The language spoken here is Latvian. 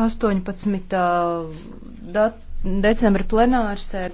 18. decembra plenārsēde.